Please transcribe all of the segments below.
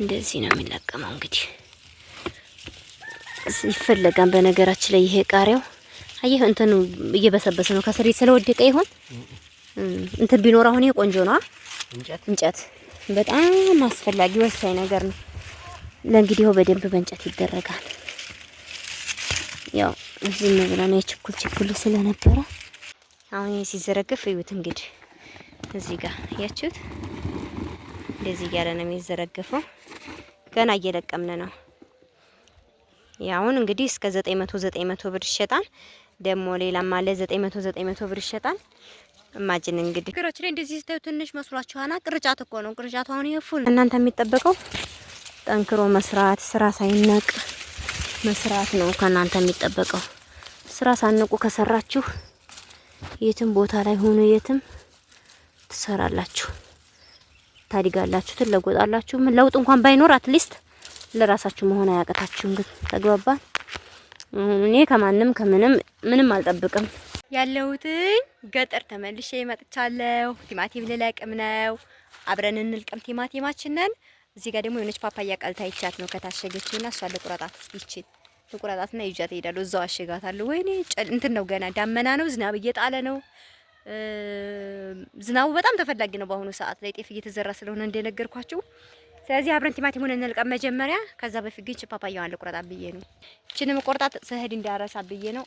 እንደዚህ ነው የሚለቀመው። እንግዲህ ይፈለጋል። በነገራችን ላይ ይሄ ቃሪያው አየህ እንትኑ እየበሰበሰ ነው። ከስር ስለወደቀ ይሆን እንትን ቢኖር አሁን ይሄ ቆንጆ ነው። እንጨት እንጨት በጣም አስፈላጊ ወሳኝ ነገር ነው። ለእንግዲህ ይኸው በደንብ በእንጨት ይደረጋል። ያው ዝም ነው የችኩል ችኩል ስለነበረ አሁን ይሄ ሲዘረገፍ እዩት እንግዲህ እዚህ ጋር ያችሁት እንደዚህ እያለ ነው የሚዘረገፈው። ገና እየለቀምን ነው። ያሁን እንግዲህ እስከ 900 900 ብር ይሸጣል። ደግሞ ሌላም አለ 900 900 ብር ይሸጣል። እማጅን እንግዲህ ክሮች ላይ እንደዚህ ስታዩ ትንሽ መስሏችኋና ቅርጫት እኮ ነው። ቅርጫት አሁን ይፉል። እናንተ የሚጠበቀው ጠንክሮ መስራት፣ ስራ ሳይነቅ መስራት ነው ከእናንተ የሚጠበቀው። ስራ ሳንቁ ከሰራችሁ የትም ቦታ ላይ ሆኖ የትም ትሰራላችሁ። ታድጋላችሁ፣ ትለወጣላችሁ። ምን ለውጥ እንኳን ባይኖር አትሊስት ለራሳችሁ መሆን አያቀታችሁም። ግን ተግባባን። እኔ ከማንም ከምንም ምንም አልጠብቅም። ያለሁትኝ ገጠር ተመልሼ መጥቻለሁ። ቲማቲም ልለቅም ነው። አብረን እንልቅም ቲማቲማችንን። እዚህ ጋር ደግሞ የሆነች ፓፓያ ቀልታ ይቻት ነው ከታሸገችና እሷ ልቁረጣት ይችል ልቁረጣትና ይዣት እሄዳለሁ። እዛው አሸጋታለሁ። ወይኔ እንትን ነው ገና ዳመና ነው፣ ዝናብ እየጣለ ነው። ዝናቡ በጣም ተፈላጊ ነው በአሁኑ ሰዓት ላይ ጤፍ እየተዘራ ስለሆነ እንደነገርኳችሁ። ስለዚህ አብረን ቲማቲም ሆነ እንልቀም መጀመሪያ። ከዛ በፊት ግን ፓፓያዋን ልቁረጣ ብዬ ነው። ችንም ቆርጣት ስሄድ እንዳረሳ ብዬ ነው።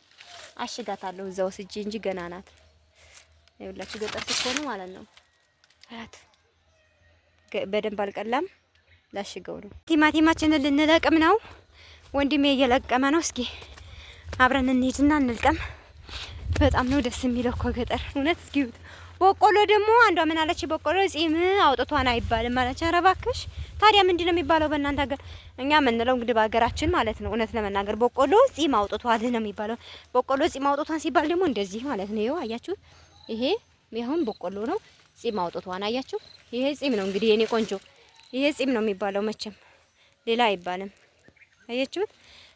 አሽጋታለሁ እዛው ስጄ እንጂ ገና ናት። ይኸውላችሁ ገጠር ስትሆኑ ማለት ነው አላት በደንብ አልቀላም። ላሽገው ነው ቲማቲማችንን ልንለቅም ነው። ወንድሜ እየለቀመ ነው። እስኪ አብረን እንሂድና እንልቀም። በጣም ነው ደስ የሚለው እኮ ገጠር እውነት። እስኪ በቆሎ ደግሞ አንዷ ምን አለች? በቆሎ ጺም አውጥቷን አይባልም አለች። ኧረ እባክሽ ታዲያ ምንድን ነው የሚባለው በእናንተ ሀገር? እኛ የምንለው እንግዲህ በሀገራችን ማለት ነው እውነት ለመናገር በቆሎ ጺም አውጥቷል ነው የሚባለው። በቆሎ ጺም አውጥቷን ሲባል ደግሞ እንደዚህ ማለት ነው። ይኸው አያችሁ፣ ይሄ ይሁን በቆሎ ነው ጺም አውጥቷን አያችሁ። ይሄ ጺም ነው እንግዲህ የኔ ቆንጆ፣ ይሄ ጺም ነው የሚባለው መቼም ሌላ አይባልም። አያችሁት?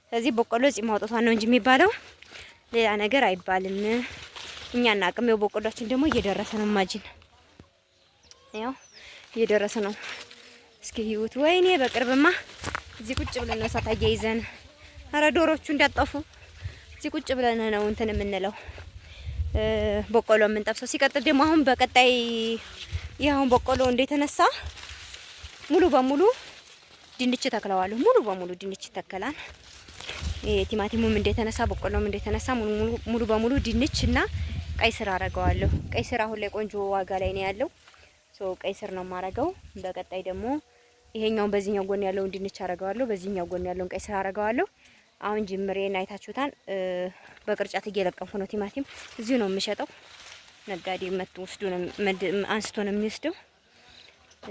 ስለዚህ በቆሎ ጺም አውጥቷን ነው እንጂ የሚባለው ሌላ ነገር አይባልም። እኛ እናቅም። ያው በቆዳችን ደግሞ እየደረሰ ነው። ማጂን ያው እየደረሰ ነው። እስኪ ህይወት ወይኔ፣ በቅርብማ እዚህ ቁጭ ብለን ነው እሳት አያይዘን። አረ ዶሮቹ እንዳጠፉ እዚህ ቁጭ ብለን ነው እንትን የምንለው በቆሎ የምንጠብሰው። ሲቀጥል ደግሞ አሁን በቀጣይ ይህ በቆሎ እንደተነሳ ሙሉ በሙሉ ድንች ተክለዋለሁ። ሙሉ በሙሉ ድንች ይተከላል። ቲማቲሙም እንደተነሳ በቆሎም እንደተነሳ ሙሉ በሙሉ ድንች እና ቀይ ስር አረገዋለሁ። ቀይ ስር አሁን ላይ ቆንጆ ዋጋ ላይ ነው ያለው። ቀይ ስር ነው የማረገው። በቀጣይ ደግሞ ይሄኛውን በዚህኛው ጎን ያለውን ድንች አረገዋለሁ። በዚህኛው ጎን ያለውን ቀይ ስር አረገዋለሁ። አሁን ጅምሬን አይታችሁታን። በቅርጫት እየለቀምኩ ነው። ቲማቲም እዚሁ ነው የምሸጠው። ነጋዴ መጥቶ ወስዶ ነው አንስቶ ነው የሚወስደው።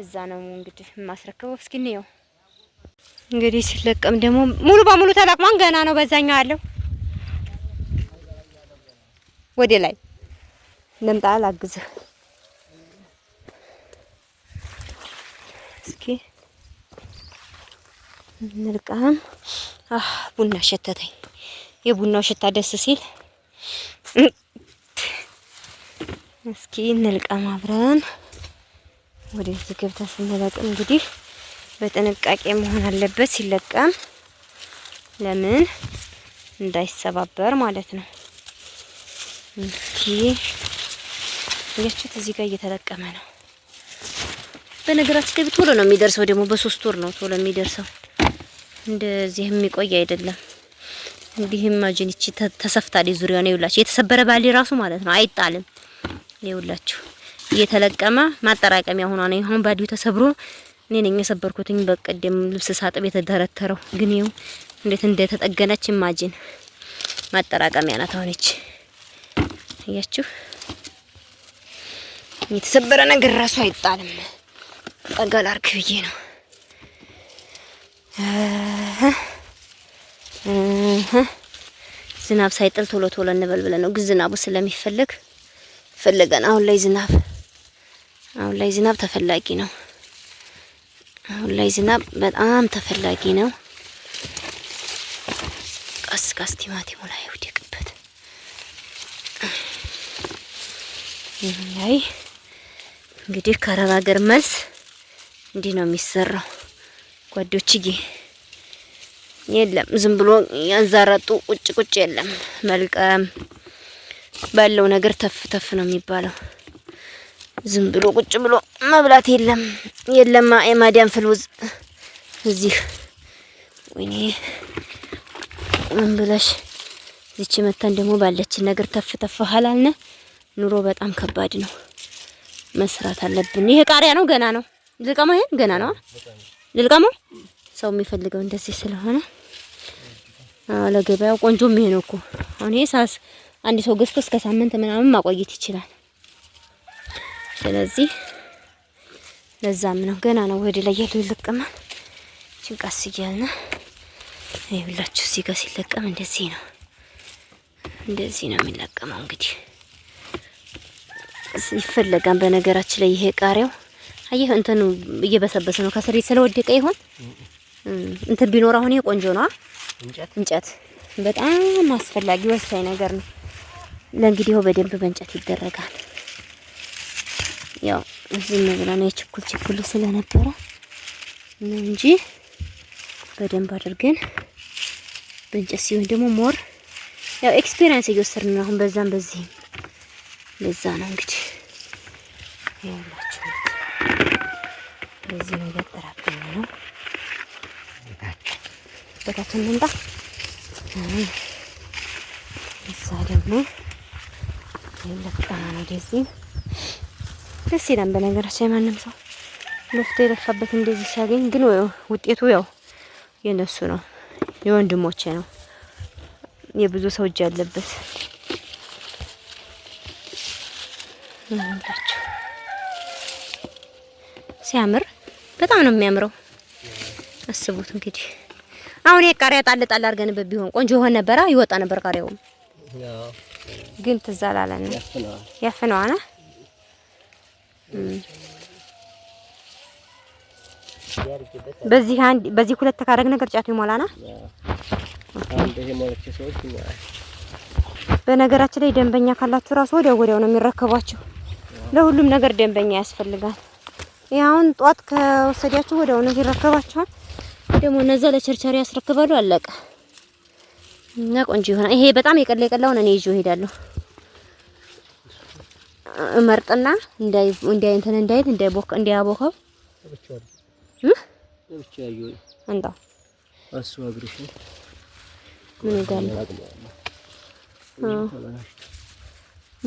እዛ ነው እንግዲህ የማስረክበው። እስኪ እንየው። እንግዲህ ሲለቀም ደግሞ ሙሉ በሙሉ ተለቅሟን ገና ነው። በዛኛው ያለው ወደ ላይ ለምጣ ላግዝህ እስኪ እንልቀም። አህ ቡና ሸተተኝ። የቡናው ሽታ ደስ ሲል እስኪ እንልቀም አብረን ወደዚህ ገብታ ስንለቅም እንግዲህ በጥንቃቄ መሆን አለበት ሲለቀም፣ ለምን እንዳይሰባበር ማለት ነው። እስኪ ያችሁት እዚህ ጋር እየተለቀመ ነው። በነገራችን ላይ ቶሎ ነው የሚደርሰው። ደግሞ በሶስት ወር ነው ቶሎ የሚደርሰው። እንደዚህ የሚቆይ አይደለም። እንዲህ ኢማጂን እቺ ተሰፍታለች ነው ይውላችሁ፣ የተሰበረ ባሌ ራሱ ማለት ነው አይጣልም። ይውላችሁ እየተለቀመ ማጠራቀሚያ ሆኗ ነው። አሁን ባዲው ተሰብሮ እኔ ነኝ የሰበርኩትኝ በቀደም ልብስ ሳጥብ የተደረተረው። ግን ይኸው እንዴት እንደተጠገነች ማጂን ማጠራቀሚያ ናት። አሁነች እያችሁ የተሰበረ ነገር ራሱ አይጣልም። ጠጋ ላርክ ብዬ ነው ዝናብ ሳይጥል ቶሎ ቶሎ እንበል ብለን ነው። ግን ዝናቡ ስለሚፈልግ ፈለገን አሁን ላይ ዝናብ አሁን ላይ ዝናብ ተፈላጊ ነው። አሁን ላይ ዝናብ በጣም ተፈላጊ ነው። ቀስ ቀስ ቲማቲሙ ላይ ውደቅበት። ይህ እንግዲህ ከአረብ ሀገር መልስ እንዲህ ነው የሚሰራው ጓዶችዬ። የለም ዝም ብሎ ያንዛራጡ ቁጭ ቁጭ የለም። መልቀም ባለው ነገር ተፍ ተፍ ነው የሚባለው። ዝም ብሎ ቁጭ ብሎ መብላት የለም የለማ የማዲያን ፍልውዝ እዚህ ወይኔ ምን ብለሽ እዚች መታን ደግሞ ባለችን ነገር ተፍ ተፍ ሀላልነ ኑሮ በጣም ከባድ ነው። መስራት አለብን። ይሄ ቃሪያ ነው፣ ገና ነው። ልልቀማ ይሄን ገና ነው ልልቀማ። ሰው የሚፈልገው እንደዚህ ስለሆነ ለገበያው ቆንጆም ይሄ ነው እኮ። አሁን ይሄ ሳስ አንድ ሰው ገዝቶ እስከ ሳምንት ምናምን ማቆየት ይችላል። ስለዚህ ለዛም ነው ገና ነው ወደ ላይ ያለው ይለቀማል። ጭንቃስ እያልን ይኸውላችሁ እዚህ ጋር ሲለቀም እንደዚህ ነው እንደዚህ ነው የሚለቀመው። እንግዲህ ይፈለጋል። በነገራችን ላይ ይሄ ቃሪያው አየህ እንትኑ እየበሰበሰ ነው ከስር ስለወደቀ ይሆን እንትን ቢኖር አሁን ይሄ ቆንጆ ነው። እንጨት እንጨት በጣም አስፈላጊ ወሳኝ ነገር ነው ለእንግዲህ ይኸው በደንብ በእንጨት ይደረጋል። ያው እዚህ ብላ ነው የችኩል ችኩል ስለነበረ ነው እንጂ በደንብ አድርገን በእንጨት ሲሆን ደግሞ ሞር ያው ኤክስፒሪየንስ እየወሰድን ነው አሁን በዛም በዚህም በዛ ነው እንግዲህ ያላችሁ በዚህ ነገር ነው በታችን እንምጣ። እዛ ደግሞ የለቀና ነው ደዚህ ደስ ይላል። በነገራችን የማንም ሰው ለፍቶ የለፋበት እንደዚህ ሲያገኝ ግን ውጤቱ ያው የነሱ ነው፣ የወንድሞቼ ነው፣ የብዙ ሰው እጅ ያለበት ሲያምር በጣም ነው የሚያምረው። አስቡት እንግዲህ አሁን ይሄ ቃሪያ ጣል ጣል አድርገንበት ቢሆን ቆንጆ ሆነ ነበረ፣ ይወጣ ነበር ቃሪያውም። ግን ትዝ አላለንም፣ በዚህ አንድ በዚህ ሁለት ካደረግን ቅርጫቱ ይሞላና በነገራችን ላይ ደንበኛ ካላችሁ እራሱ ወዲያው ወዲያው ነው የሚረከቧቸው። ለሁሉም ነገር ደንበኛ ያስፈልጋል። ይሄ አሁን ጧት ከወሰዳችሁ ወዲያው ነው ይረከባችኋል። ደግሞ እነዛ ለቸርቸሪ ያስረክባሉ። አለቀ እና ቆንጆ ይሆናል። ይሄ በጣም የቀለ የቀላውን እኔ ይዤው እሄዳለሁ። እመርጥና እንዳይ እንዳይ እንትን እንዳይል እንዳይቦክ እንዳያቦከው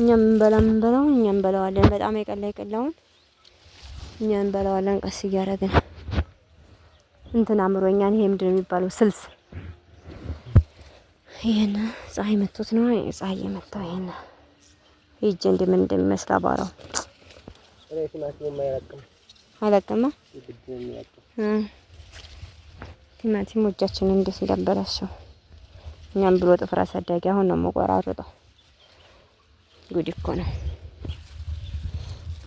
እኛም እንበላ ምንበላው እንበላዋለን። በጣም አይቀላ አይቀላውን እኛ እንበላዋለን። ቀስ እያደረግን እንትን አምሮኛን። ይሄ ምንድን ነው የሚባለው? ስልስ ይሄን ፀሐይ መቶት ነው። ፀሐይ የመታው ይሄን ሂጅ እንዲህ ምን እንደሚመስል አቧራው ቲማቲም እጃችንን እንዴት እንዳበላሸው እኛም ብሎ ጥፍር አሳዳጊ አሁን ነው የምቆራርጠው። ጉድ እኮ ነው።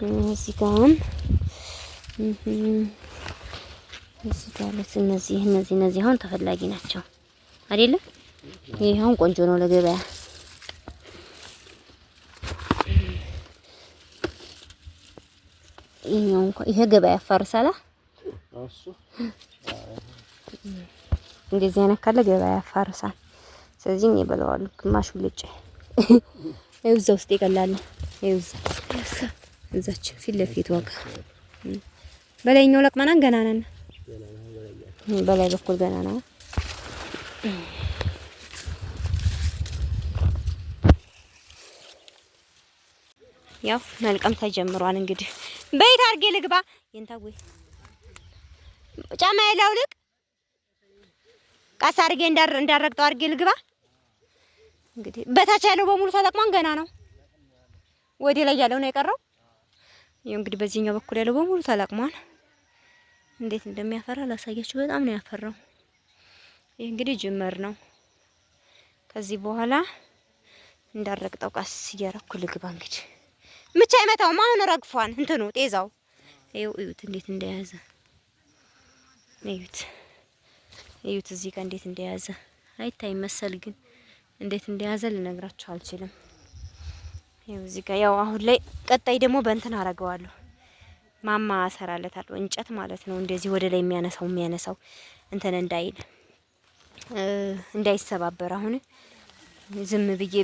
እዚህ እዚህ እነዚህ እነዚህ እነዚህ አሁን ተፈላጊ ናቸው አይደለም። ይሄ አሁን ቆንጆ ነው ለገበያ ይሄኛው እንኳን ይሄ ገበያ ያፋርሳል። እንደዚህ አይነት ካለ ገበያ ያፋርሳል። ስለዚህ እኔ ግማሹ ልጭ እዛ ውስጥ ይቀላል። እዛ እዛች ፊት ለፊት ዋጋ በላይኛው ለቅመናን ገና ነን። በላይ በኩል ገና ነው። ያው መልቀም ተጀምሯል እንግዲህ በይት አድርጌ ልግባ። የንታጉ ጫማ ልቅ ቀስ አድርጌ እንዳረግጠው አድርጌ ልግባ። እንግዲህ በታች ያለው በሙሉ ተጠቅሟን ገና ነው። ወደ ላይ ያለው ነው የቀረው። ይሄ እንግዲህ በዚህኛው በኩል ያለው በሙሉ ተለቅሟል። እንዴት እንደሚያፈራ ላሳያችሁ። በጣም ነው ያፈራው። ይህ እንግዲህ ጅምር ነው። ከዚህ በኋላ እንዳረግጠው ቃስ እያረኩ ልግባ እንግዲህ ምቻ አይመታውም። አሁን ረግፏን እንትኑ ጤዛው። ይኸው እዩት እንዴት እንደያዘ እዩት፣ እዩት እዚህ ጋር እንዴት እንደያዘ አይታይ መሰል፣ ግን እንዴት እንደያዘ ልነግራችሁ አልችልም። ይኸው እዚህ ጋር ያው አሁን ላይ ቀጣይ ደግሞ በእንትን አረገዋለሁ ማማ ሰራለታለሁ፣ እንጨት ማለት ነው። እንደዚህ ወደ ላይ የሚያነሳው የሚያነሳው እንትን እንዳይል እንዳይሰባበር አሁን ዝም ብዬ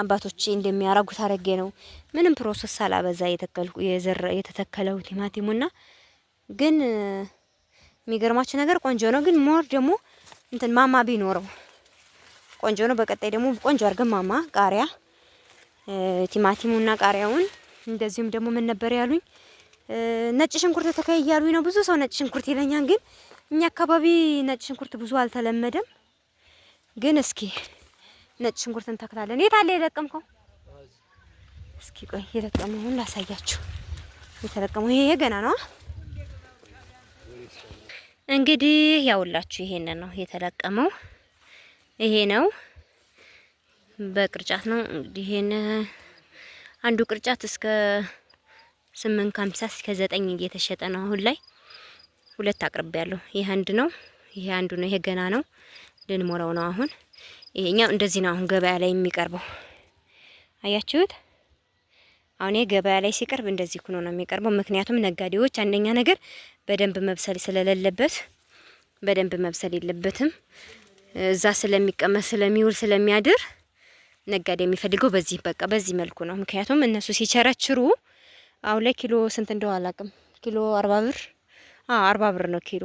አባቶቼ እንደሚያረጉት አረጌ ነው ምንም ፕሮሰስ አላበዛ የተከልኩ የተተከለው ቲማቲሙና ግን የሚገርማችሁ ነገር ቆንጆ ነው። ግን ሞር ደግሞ እንትን ማማ ቢኖረው ቆንጆ ነው። በቀጣይ ደግሞ ቆንጆ አድርገን ማማ ቃሪያ ቲማቲሙና ቃሪያውን እንደዚሁም ደግሞ ምን ነበር ያሉኝ ነጭ ሽንኩርት ተከይ እያሉኝ ነው። ብዙ ሰው ነጭ ሽንኩርት ይለኛል፣ ግን እኛ አካባቢ ነጭ ሽንኩርት ብዙ አልተለመደም። ግን እስኪ ነጭ ሽንኩርት እንተክላለን። የት አለ የለቀምከው? እስኪ ቆይ የተለቀመውን ላሳያችሁ። የተለቀመው ይሄ ገና ነው። እንግዲህ ያውላችሁ ይሄን ነው የተለቀመው። ይሄ ነው በቅርጫት ነው እንግዲህ ይሄን አንዱ ቅርጫት እስከ 8 50 እስከ 9 እየተሸጠ ነው አሁን ላይ። ሁለት አቅርቤ ያለሁ ይሄ አንድ ነው፣ ይሄ አንዱ ነው። ይሄ ገና ነው፣ ልንሞላው ነው አሁን ይሄኛው እንደዚህ ነው። አሁን ገበያ ላይ የሚቀርበው አያችሁት? አሁን ገበያ ላይ ሲቀርብ እንደዚህ ሆኖ ነው የሚቀርበው። ምክንያቱም ነጋዴዎች አንደኛ ነገር በደንብ መብሰል ስለሌለበት በደንብ መብሰል የለበትም። እዛ ስለሚቀመጥ ስለሚውል ስለሚያድር ነጋዴ የሚፈልገው በዚህ በቃ በዚህ መልኩ ነው። ምክንያቱም እነሱ ሲቸረችሩ አሁን ላይ ኪሎ ስንት እንደው አላቅም። ኪሎ አርባ ብር አርባ ብር ነው ኪሎ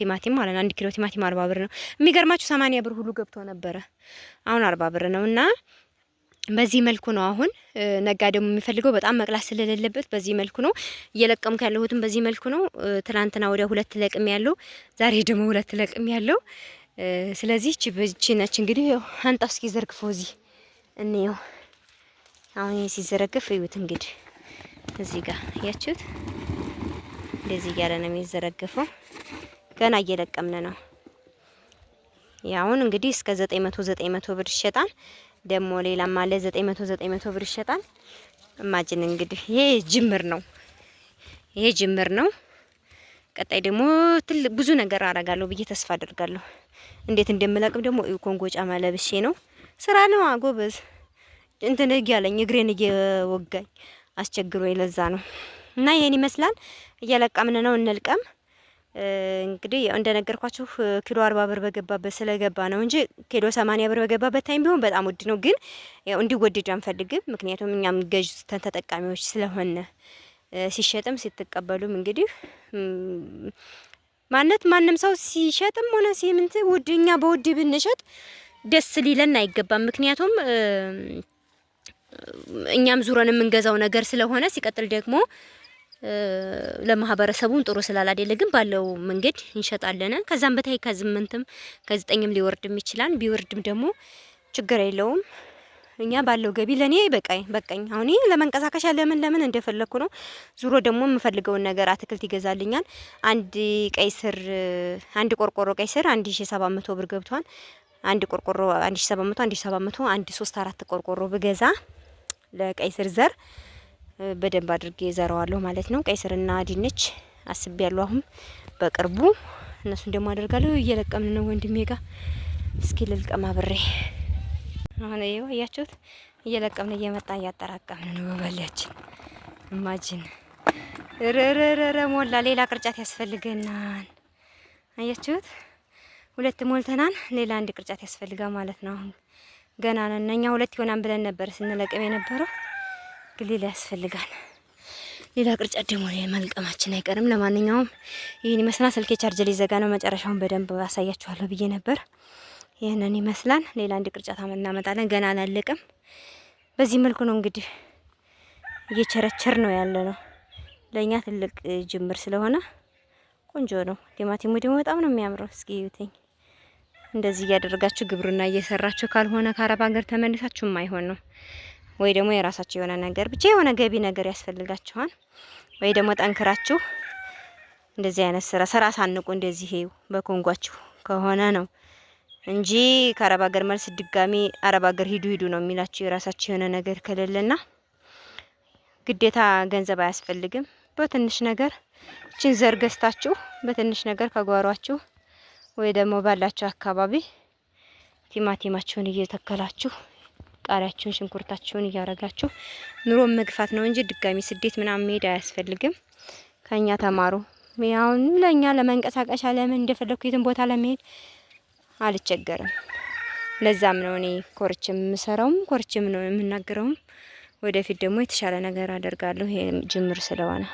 ቲማቲም ማለት ነው። አንድ ኪሎ ቲማቲም አርባ ብር ነው። የሚገርማችሁ ሰማንያ ብር ሁሉ ገብቶ ነበረ። አሁን አርባ ብር ነው እና በዚህ መልኩ ነው አሁን ነጋ ነጋዴው የሚፈልገው በጣም መቅላት ስለሌለበት በዚህ መልኩ ነው እየለቀምኩ ያለሁትም በዚህ መልኩ ነው። ትላንትና ወደ ሁለት ለቅም ያለው ዛሬ ደግሞ ሁለት ለቅም ያለው ስለዚህ እቺ በቺ ነች እንግዲህ አንጣፍ እስኪ ዘርግፎ እዚህ እንየው። አሁን ይሄ ሲዘረግፍ እዩት እንግዲህ እዚህ ጋር ያችሁት እንደዚህ እያለ ነው የሚዘረግፈው። ገና እየለቀምን ነው። ያሁን እንግዲህ እስከ 900 900 ብር ይሸጣል። ደግሞ ሌላም አለ 900 900 ብር ይሸጣል። እማጅን እንግዲህ ይሄ ጅምር ነው። ይሄ ጅምር ነው። ቀጣይ ደግሞ ትልቅ ብዙ ነገር አረጋለሁ ብዬ ተስፋ አደርጋለሁ። እንዴት እንደምለቅም ደግሞ እዩ። ኮንጎ ጫማ ለብሼ ነው። ስራ ነው አጎበዝ እንትን እግ ያለኝ እግሬን እየወጋኝ አስቸግሮ የለዛ ነው እና ይሄን ይመስላል። እየለቀምን ነው እንልቀም። እንግዲህ እንደነገርኳችሁ ኪሎ አርባ ብር በገባበት ስለገባ ነው እንጂ ኪሎ ሰማኒያ ብር በገባበት ታይም ቢሆን በጣም ውድ ነው። ግን እንዲወደድ አንፈልግም። ምክንያቱም እኛም ስተን ተጠቃሚዎች ስለሆነ ሲሸጥም ሲተቀበሉም እንግዲህ ማነት ማንም ሰው ሲሸጥም ሆነ ሲምንት ውድ እኛ በውድ ብንሸጥ ደስ ሊለን አይገባም። ምክንያቱም እኛም ዙረን የምንገዛው ነገር ስለሆነ ሲቀጥል ደግሞ ለማህበረሰቡም ጥሩ ስላላደለ ግን ባለው መንገድ እንሸጣለን። ከዛም በታይ ከስምንትም ከዘጠኝም ሊወርድም ይችላል። ቢወርድም ደግሞ ችግር የለውም። እኛ ባለው ገቢ ለኔ በቃኝ በቃኝ። አሁን ለመንቀሳቀሻ ለምን ለምን እንደፈለኩ ነው። ዙሮ ደግሞ የምፈልገውን ነገር አትክልት ይገዛልኛል። አንድ ቀይ አንድ ቆርቆሮ ቀይ ስር 1700 ብር ገብቷል። አንድ ቆርቆሮ 1700 1700 አንድ 3 4 ቆርቆሮ ብገዛ ለቀይ ስር ዘር በደንብ አድርጌ ዘረዋለሁ ማለት ነው። ቀይስርና ስርና ድንች አስቤ ያለሁ አሁን በቅርቡ እነሱን ደግሞ አደርጋለሁ። እየለቀምን ነው ወንድሜ ጋር። እስኪ ልልቀም አብሬ። አሁን ይኸው አያችሁት፣ እየለቀምን እየመጣ እያጠራቀምን ነው። በበላያችን እማጅን ረረረረ ሞላ። ሌላ ቅርጫት ያስፈልገናል። አያችሁት፣ ሁለት ሞልተናል። ሌላ አንድ ቅርጫት ያስፈልጋል ማለት ነው። አሁን ገና ነን እኛ። ሁለት ይሆናን ብለን ነበር ስንለቅም የነበረው ብሌላ ያስፈልጋል። ሌላ ቅርጫት ደግሞ መልቀማችን አይቀርም። ለማንኛውም ይህን ይመስላል። ስልኬ ቻርጅ ሊዘጋ ነው። መጨረሻውን በደንብ አሳያችኋለሁ ብዬ ነበር። ይህንን ይመስላል። ሌላ አንድ ቅርጫት እናመጣለን። ገና አላለቅም። በዚህ መልኩ ነው እንግዲህ እየቸረቸር ነው ያለ ነው። ለእኛ ትልቅ ጅምር ስለሆነ ቆንጆ ነው። ቲማቲሙ ደግሞ በጣም ነው የሚያምረው። እስኪ ዩትኝ እንደዚህ እያደረጋችሁ ግብርና እየሰራችሁ ካልሆነ ከአረብ ሀገር ተመልሳችሁም ማይሆን ነው። ወይ ደግሞ የራሳችሁ የሆነ ነገር ብቻ የሆነ ገቢ ነገር ያስፈልጋችኋል። ወይ ደግሞ ጠንክራችሁ እንደዚህ አይነት ስራ ስራ ሳንቁ እንደዚህ ይሄው በኮንጓችሁ ከሆነ ነው እንጂ ከአረብ ሀገር መልስ ድጋሚ አረብ ሀገር ሂዱ ሂዱ ነው የሚላችሁ። የራሳችሁ የሆነ ነገር ከሌለና ግዴታ ገንዘብ አያስፈልግም። በትንሽ ነገር እችን ዘር ገዝታችሁ በትንሽ ነገር ከጓሯችሁ ወይ ደግሞ ባላችሁ አካባቢ ቲማቲማችሁን እየተከላችሁ ቃሪያችሁን፣ ሽንኩርታችሁን እያረጋችሁ ኑሮን መግፋት ነው እንጂ ድጋሚ ስደት ምናምን መሄድ አያስፈልግም። ከኛ ተማሩ። ያውን ለኛ ለመንቀሳቀሻ ለምን እንደፈለኩ የትን ቦታ ለመሄድ አልቸገርም። ለዛም ነው እኔ ኮርችም የምሰራውም ኮርችም ነው የምናገረውም። ወደፊት ደግሞ የተሻለ ነገር አደርጋለሁ። ይሄ ጅምር ስለሆነ